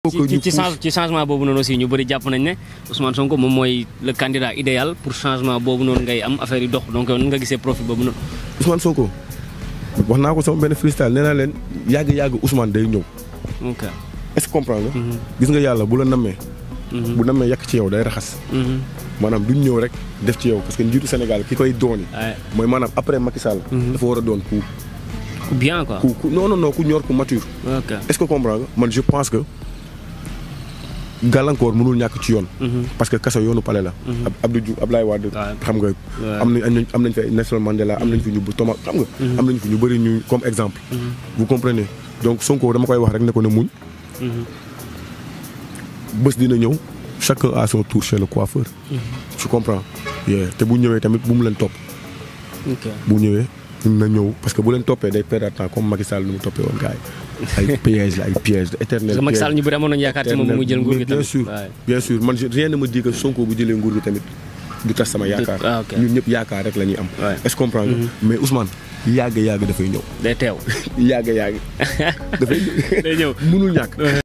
ci ci changement boobu noonu aussi ñu bëri jàpp nañ ne Ousmane Sonko moom mooy le candidat idéal pour changement boobu noonu ngay am affaire yi dox donc euh, nga gisee profil boobu noonu. Ousmane Sonko wax naa ko sama benn freestyle nee naa leen yàgg yàgg Ousmane day ñëw. ok est-ce que comprendre nga. Mhm. gis nga yàlla bu la nammee. Mhm. bu nammee yàq ci yow day raxas. Mhm. maanaam duñ ñëw rek def ci yow parce que njiitu Sénégal ki koy doon. mooy maanaam après Macky Sall. dafa war a doon ku. ku bien quoi ku non non non ku ñor ku mature. est-ce que comprendre nga man je pense que galankor mënul ñàkk ci yoon. Mhm. parce que kaso yoonu pale la. Mhm. Abdou Diouf Ablaye Wade. xam nga am nañ am nañ fi Nelson Mandela am nañ fi ñu Thomas xam nga. Mhm. am nañ fi ñu bëri ñu comme exemple. vous comprenez donc Sonko dama koy wax rek ne ko ne muñ. bés dina ñëw chacun à son tour chez le coiffeur. tu comprends. yeah te bu ñëwee tamit bu mu leen topp. bu ñëwee. na ñëw parce que bu leen toppee day perdre temps comme Macky nu mu toppee woon gars yi ay piège la ay piège éternel Macky ñu bëri amoon nañu yaakaar ci mu jël nguur gi tamit du tas sama yaakaar ah, ñun ñëpp yaakaar rek la am est-ce comprendre mm-hmm. mais Ousmane yàgg yàgg dafay ñëw day teew yàgg yàgg dafay ñëw mënul ñàkk